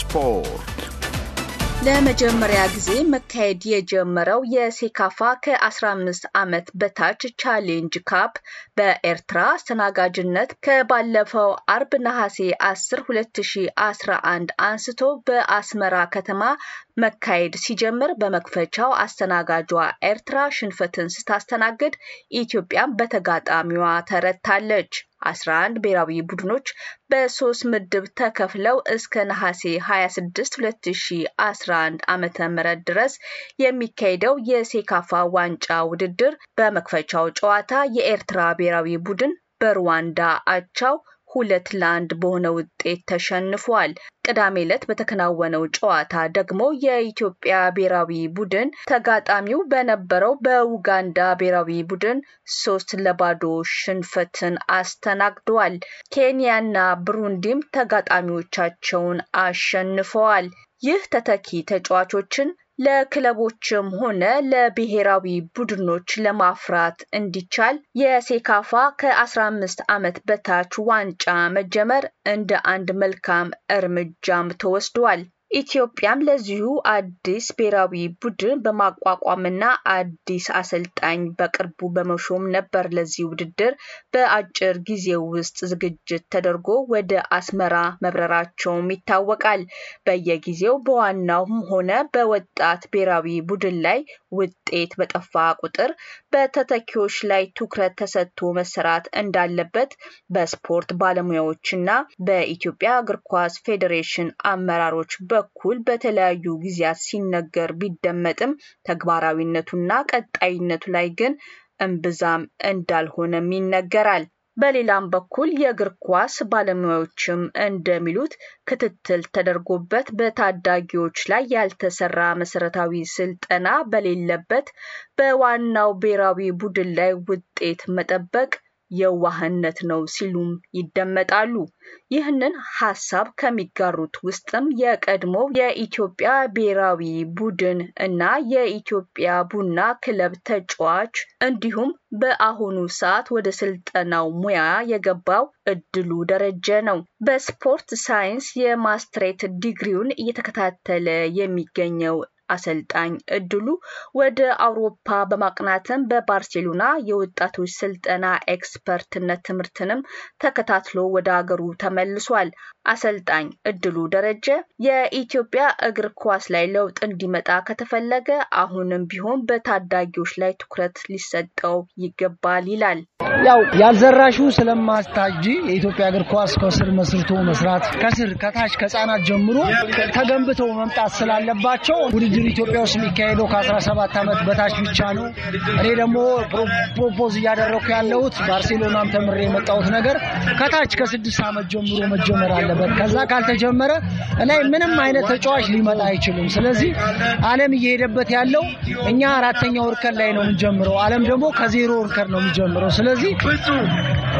ስፖርት ለመጀመሪያ ጊዜ መካሄድ የጀመረው የሴካፋ ከ15 ዓመት በታች ቻሌንጅ ካፕ በኤርትራ አስተናጋጅነት ከባለፈው አርብ ነሐሴ 10 2011 አንስቶ በአስመራ ከተማ መካሄድ ሲጀምር በመክፈቻው አስተናጋጇ ኤርትራ ሽንፈትን ስታስተናግድ ኢትዮጵያም በተጋጣሚዋ ተረታለች። 11 ብሔራዊ ቡድኖች በሶስት ምድብ ተከፍለው እስከ ነሐሴ 26 2011 ዓ ም ድረስ የሚካሄደው የሴካፋ ዋንጫ ውድድር በመክፈቻው ጨዋታ የኤርትራ ብሔራዊ ቡድን በሩዋንዳ አቻው ሁለት ለአንድ በሆነ ውጤት ተሸንፏል። ቅዳሜ ዕለት በተከናወነው ጨዋታ ደግሞ የኢትዮጵያ ብሔራዊ ቡድን ተጋጣሚው በነበረው በኡጋንዳ ብሔራዊ ቡድን ሶስት ለባዶ ሽንፈትን አስተናግደዋል። ኬንያና ብሩንዲም ተጋጣሚዎቻቸውን አሸንፈዋል። ይህ ተተኪ ተጫዋቾችን ለክለቦችም ሆነ ለብሔራዊ ቡድኖች ለማፍራት እንዲቻል የሴካፋ ከ15 ዓመት በታች ዋንጫ መጀመር እንደ አንድ መልካም እርምጃም ተወስዷል። ኢትዮጵያም ለዚሁ አዲስ ብሔራዊ ቡድን በማቋቋምና አዲስ አሰልጣኝ በቅርቡ በመሾም ነበር ለዚህ ውድድር በአጭር ጊዜ ውስጥ ዝግጅት ተደርጎ ወደ አስመራ መብረራቸውም ይታወቃል። በየጊዜው በዋናውም ሆነ በወጣት ብሔራዊ ቡድን ላይ ውጤት በጠፋ ቁጥር በተተኪዎች ላይ ትኩረት ተሰጥቶ መሰራት እንዳለበት በስፖርት ባለሙያዎችና በኢትዮጵያ እግር ኳስ ፌዴሬሽን አመራሮች በ በኩል በተለያዩ ጊዜያት ሲነገር ቢደመጥም ተግባራዊነቱና ቀጣይነቱ ላይ ግን እምብዛም እንዳልሆነም ይነገራል። በሌላም በኩል የእግር ኳስ ባለሙያዎችም እንደሚሉት ክትትል ተደርጎበት በታዳጊዎች ላይ ያልተሰራ መሰረታዊ ስልጠና በሌለበት በዋናው ብሔራዊ ቡድን ላይ ውጤት መጠበቅ የዋህነት ነው ሲሉም ይደመጣሉ። ይህንን ሀሳብ ከሚጋሩት ውስጥም የቀድሞው የኢትዮጵያ ብሔራዊ ቡድን እና የኢትዮጵያ ቡና ክለብ ተጫዋች እንዲሁም በአሁኑ ሰዓት ወደ ስልጠናው ሙያ የገባው እድሉ ደረጀ ነው። በስፖርት ሳይንስ የማስትሬት ዲግሪውን እየተከታተለ የሚገኘው አሰልጣኝ እድሉ ወደ አውሮፓ በማቅናትም በባርሴሎና የወጣቶች ስልጠና ኤክስፐርትነት ትምህርትንም ተከታትሎ ወደ አገሩ ተመልሷል። አሰልጣኝ እድሉ ደረጀ የኢትዮጵያ እግር ኳስ ላይ ለውጥ እንዲመጣ ከተፈለገ አሁንም ቢሆን በታዳጊዎች ላይ ትኩረት ሊሰጠው ይገባል ይላል። ያው ያልዘራሹ ስለማስታጅ የኢትዮጵያ እግር ኳስ ከስር መስርቶ መስራት ከስር ከታች ከህፃናት ጀምሮ ተገንብተው መምጣት ስላለባቸው ውድድር ሙስሊም ኢትዮጵያ ውስጥ የሚካሄደው ከ17 ዓመት በታች ብቻ ነው። እኔ ደግሞ ፕሮፖዝ እያደረኩ ያለሁት ባርሴሎናም ተምሬ የመጣሁት ነገር ከታች ከስድስት ዓመት ጀምሮ መጀመር አለበት። ከዛ ካልተጀመረ እላይ ምንም አይነት ተጫዋች ሊመጣ አይችልም። ስለዚህ ዓለም እየሄደበት ያለው እኛ አራተኛው እርከን ላይ ነው የምንጀምረው። ዓለም ደግሞ ከዜሮ እርከን ነው የምንጀምረው። ስለዚህ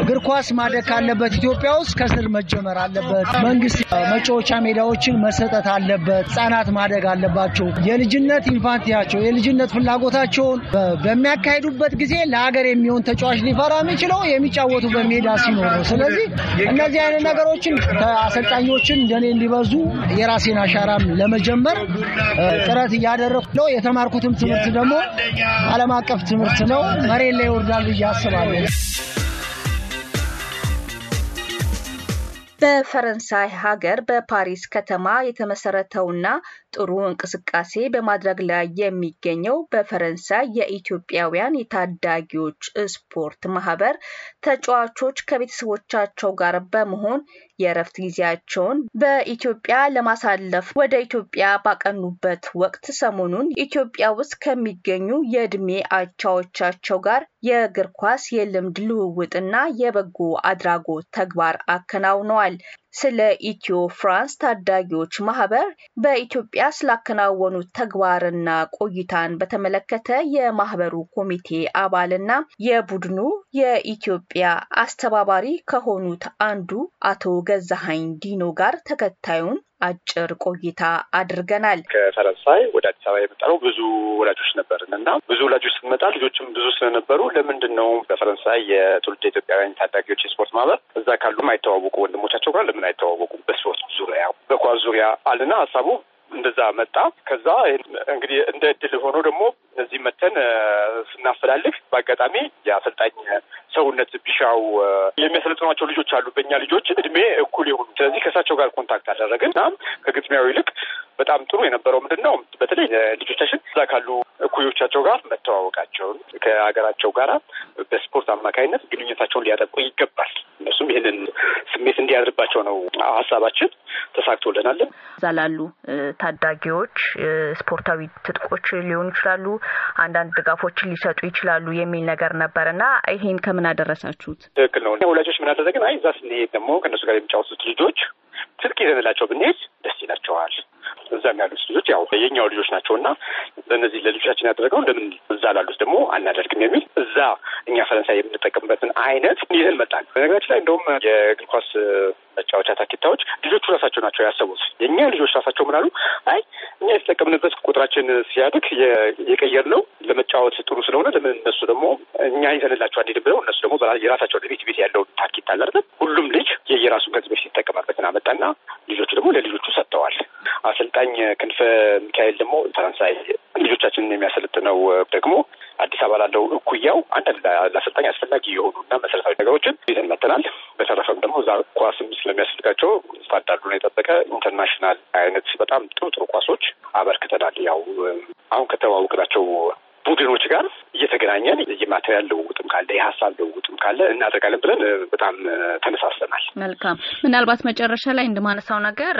እግር ኳስ ማደግ ካለበት ኢትዮጵያ ውስጥ ከስር መጀመር አለበት። መንግስት መጫወቻ ሜዳዎችን መሰጠት አለበት። ህጻናት ማደግ አለባቸው። የልጅነት ኢንፋንቲያቸው የልጅነት ፍላጎታቸውን በሚያካሂዱበት ጊዜ ለሀገር የሚሆን ተጫዋች ሊፈራ የሚችለው የሚጫወቱበት ሜዳ ሲኖር ነው። ስለዚህ እነዚህ አይነት ነገሮችን አሰልጣኞችን እንደኔ እንዲበዙ የራሴን አሻራም ለመጀመር ጥረት እያደረኩ ነው። የተማርኩትም ትምህርት ደግሞ ዓለም አቀፍ ትምህርት ነው። መሬት ላይ ይወርዳል ብዬ አስባለሁ። በፈረንሳይ ሀገር በፓሪስ ከተማ የተመሰረተውና ጥሩ እንቅስቃሴ በማድረግ ላይ የሚገኘው በፈረንሳይ የኢትዮጵያውያን የታዳጊዎች ስፖርት ማህበር ተጫዋቾች ከቤተሰቦቻቸው ጋር በመሆን የእረፍት ጊዜያቸውን በኢትዮጵያ ለማሳለፍ ወደ ኢትዮጵያ ባቀኑበት ወቅት ሰሞኑን ኢትዮጵያ ውስጥ ከሚገኙ የእድሜ አቻዎቻቸው ጋር የእግር ኳስ የልምድ ልውውጥና የበጎ አድራጎት ተግባር አከናውነዋል። ስለ ኢትዮ ፍራንስ ታዳጊዎች ማህበር በኢትዮጵያ ስላከናወኑት ተግባርና ቆይታን በተመለከተ የማህበሩ ኮሚቴ አባልና የቡድኑ የኢትዮጵያ አስተባባሪ ከሆኑት አንዱ አቶ ገዛሀኝ ዲኖ ጋር ተከታዩን አጭር ቆይታ አድርገናል። ከፈረንሳይ ወደ አዲስ አበባ የመጣነው ብዙ ወላጆች ነበርን እና ብዙ ወላጆች ስንመጣ ልጆችም ብዙ ስለነበሩ ለምንድን ነው በፈረንሳይ የትውልድ ኢትዮጵያውያን ታዳጊዎች የስፖርት ማህበር እዛ ካሉም አይተዋወቁ ወንድሞቻቸው ጋር ለምን አይተዋወቁ በስፖርት ዙሪያ በኳስ ዙሪያ አልና ሀሳቡ እንደዛ መጣ። ከዛ እንግዲህ እንደ እድል ሆኖ ደግሞ እዚህ መተን ስናፈላልግ በአጋጣሚ የአሰልጣኝ ሰውነት ቢሻው የሚያሰለጥኗቸው ልጆች አሉ። በእኛ ልጆች እድሜ እኩል የሆኑ ስለዚህ ከእሳቸው ጋር ኮንታክት አደረግን እና ከግጥሚያው ይልቅ በጣም ጥሩ የነበረው ምንድን ነው በተለይ ልጆቻችን እዛ ካሉ እኩዮቻቸው ጋር መተዋወቃቸውን ከሀገራቸው ጋር በስፖርት አማካኝነት ግንኙነታቸውን ሊያጠቁ ይገባል። እነሱም ይህንን ስሜት እንዲያድርባቸው ነው ሀሳባችን። ተሳክቶልናል። እዛ ላሉ ታዳጊዎች ስፖርታዊ ትጥቆች ሊሆኑ ይችላሉ፣ አንዳንድ ድጋፎችን ሊሰጡ ይችላሉ የሚል ነገር ነበር እና ይሄን ከምን አደረሳችሁት? ትክክል ነው። ወላጆች ምን አደረግን? አይ እዛ ስንሄድ ደግሞ ከእነሱ ጋር የሚጫወቱት ልጆች ስልክ ይዘንላቸው ብንሄድ ደስ ይላቸዋል። እዛም ያሉት ልጆች ያው የኛው ልጆች ናቸው እና እነዚህ ለልጆቻችን ያደረገው ለምን እዛ ላሉት ደግሞ አናደርግም የሚል እዛ እኛ ፈረንሳይ የምንጠቀምበትን አይነት ይህን መጣል። በነገራችን ላይ እንደውም የእግር ኳስ መጫወቻ ታኬታዎች ልጆቹ ራሳቸው ናቸው ያሰቡት። የእኛ ልጆች ራሳቸው ምናሉ አሉ? አይ እኛ የተጠቀምንበት ቁጥራችን ሲያድግ የቀየር ነው ለመጫወት ጥሩ ስለሆነ ለምን እነሱ ደግሞ እኛ ይዘንላቸው አንሄድ ብለው እነሱ ደግሞ የራሳቸው ቤት ቤት ያለው ታርጌት አለ አይደል? ሁሉም ልጅ የየራሱ ገንዘብ በፊት አመጣና ልጆቹ ደግሞ ለልጆቹ ሰጥተዋል። አሰልጣኝ ክንፈ ሚካኤል ደግሞ ፈረንሳይ ልጆቻችንን የሚያሰለጥነው ደግሞ አዲስ አበባ ላለው እኩያው አንዳንድ ለአሰልጣኝ አስፈላጊ የሆኑ የሆኑና መሰረታዊ ነገሮችን ይዘን መጥተናል። በተረፈም ደግሞ እዛ ኳስም ስለሚያስፈልጋቸው ስታንዳርዱን የጠበቀ ኢንተርናሽናል አይነት በጣም ጥሩ ጥሩ ኳሶች አበርክተናል። ያው አሁን ከተዋወቅናቸው ቡድኖች ጋር እየተገናኘን የማቴሪያል ልውውጥም ካለ የሀሳብ ልውውጥም ካለ እናደርጋለን ብለን በጣም ተነሳስተናል። መልካም። ምናልባት መጨረሻ ላይ እንደማነሳው ነገር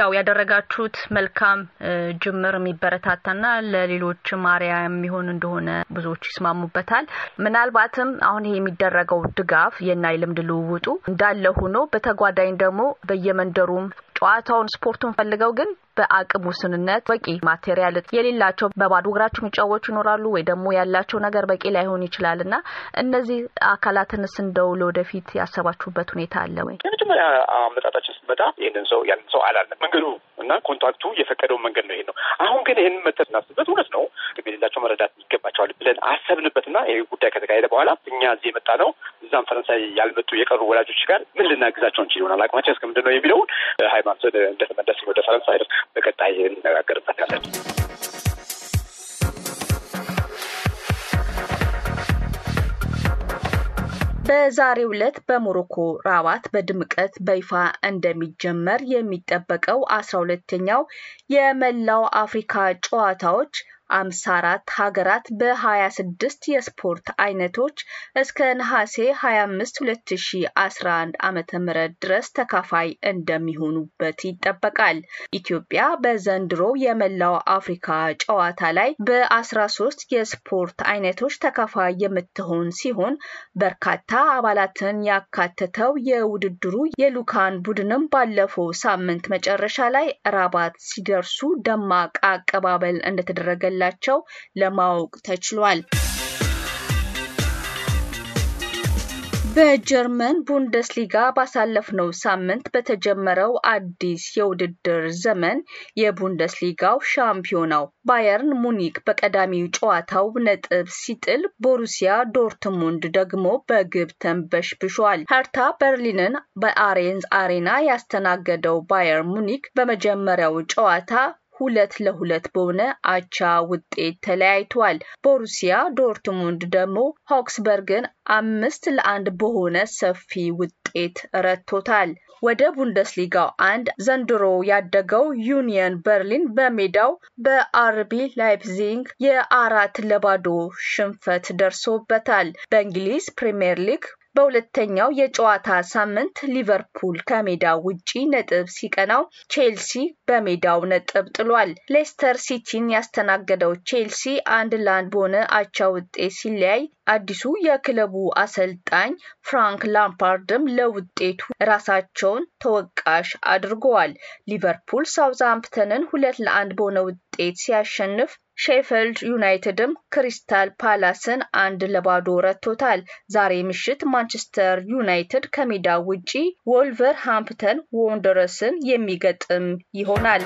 ያው ያደረጋችሁት መልካም ጅምር የሚበረታታና ለሌሎች ማሪያ የሚሆን እንደሆነ ብዙዎች ይስማሙበታል። ምናልባትም አሁን ይሄ የሚደረገው ድጋፍ የና የልምድ ልውውጡ እንዳለ ሆኖ በተጓዳኝ ደግሞ በየመንደሩም ጨዋታውን ስፖርቱን ፈልገው ግን በአቅም ውስንነት በቂ ማቴሪያል የሌላቸው በባዶ እግራቸው የሚጫወቱ ይኖራሉ ወይ ደግሞ ያላቸው የሚሰጣቸው ነገር በቂ ላይሆን ይችላል እና እነዚህ አካላትንስ እንደው ለወደፊት ያሰባችሁበት ሁኔታ አለ ወይ? የመጀመሪያ አመጣጣችን ስትመጣ ይህንን ሰው ያንን ሰው አላለም መንገዱ እና ኮንታክቱ የፈቀደው መንገድ ነው ይሄ ነው። አሁን ግን ይህንን መተት ስናስብበት እውነት ነው የሌላቸው መረዳት ይገባቸዋል ብለን አሰብንበትና ይህ ጉዳይ ከተካሄደ በኋላ እኛ እዚህ የመጣ ነው እዛም ፈረንሳይ ያልመጡ የቀሩ ወላጆች ጋር ምን ልናግዛቸው እንችል ይሆናል አቅማችን እስከምንድን ነው የሚለውን ሃይማኖት እንደተመለስን ወደ ፈረንሳይ በቀጣይ እንነጋገርበታለን። በዛሬ ዕለት በሞሮኮ ራባት በድምቀት በይፋ እንደሚጀመር የሚጠበቀው አስራ ሁለተኛው የመላው አፍሪካ ጨዋታዎች 54 ሀገራት በ26 የስፖርት አይነቶች እስከ ነሐሴ 25 2011 ዓ ም ድረስ ተካፋይ እንደሚሆኑበት ይጠበቃል። ኢትዮጵያ በዘንድሮ የመላው አፍሪካ ጨዋታ ላይ በ13 የስፖርት አይነቶች ተካፋይ የምትሆን ሲሆን በርካታ አባላትን ያካተተው የውድድሩ የሉካን ቡድንም ባለፈው ሳምንት መጨረሻ ላይ ራባት ሲደርሱ ደማቅ አቀባበል እንደተደረገላ እንዳላቸው ለማወቅ ተችሏል። በጀርመን ቡንደስሊጋ ባሳለፍነው ሳምንት በተጀመረው አዲስ የውድድር ዘመን የቡንደስሊጋው ሻምፒዮናው ባየርን ሙኒክ በቀዳሚው ጨዋታው ነጥብ ሲጥል ቦሩሲያ ዶርትሙንድ ደግሞ በግብ ተንበሽብሿል። ሀርታ በርሊንን በአሬንዝ አሬና ያስተናገደው ባየር ሙኒክ በመጀመሪያው ጨዋታ ሁለት ለሁለት በሆነ አቻ ውጤት ተለያይቷል። ቦሩሲያ ዶርትሙንድ ደግሞ ሆክስበርግን አምስት ለአንድ በሆነ ሰፊ ውጤት ረቶታል። ወደ ቡንደስሊጋው አንድ ዘንድሮ ያደገው ዩኒየን በርሊን በሜዳው በአርቢ ላይፕዚንግ የአራት ለባዶ ሽንፈት ደርሶበታል። በእንግሊዝ ፕሪምየር ሊግ በሁለተኛው የጨዋታ ሳምንት ሊቨርፑል ከሜዳው ውጪ ነጥብ ሲቀናው ቼልሲ በሜዳው ነጥብ ጥሏል። ሌስተር ሲቲን ያስተናገደው ቼልሲ አንድ ለአንድ በሆነ አቻ ውጤት ሲለያይ አዲሱ የክለቡ አሰልጣኝ ፍራንክ ላምፓርድም ለውጤቱ ራሳቸውን ተወቃሽ አድርገዋል። ሊቨርፑል ሳውዝሃምፕተንን ሁለት ለአንድ በሆነ ውጤት ሲያሸንፍ ሼፈልድ ዩናይትድም ክሪስታል ፓላስን አንድ ለባዶ ረቶታል። ዛሬ ምሽት ማንቸስተር ዩናይትድ ከሜዳ ውጪ ወልቨር ሃምፕተን ወንደረስን የሚገጥም ይሆናል።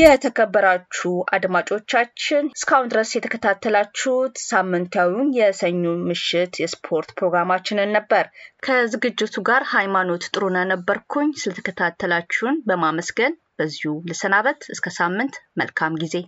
የተከበራችሁ አድማጮቻችን እስካሁን ድረስ የተከታተላችሁት ሳምንታዊውን የሰኞ ምሽት የስፖርት ፕሮግራማችንን ነበር። ከዝግጅቱ ጋር ሃይማኖት ጥሩነ ነበርኩኝ። ስለተከታተላችሁን በማመስገን በዚሁ ልሰናበት። እስከ ሳምንት መልካም ጊዜ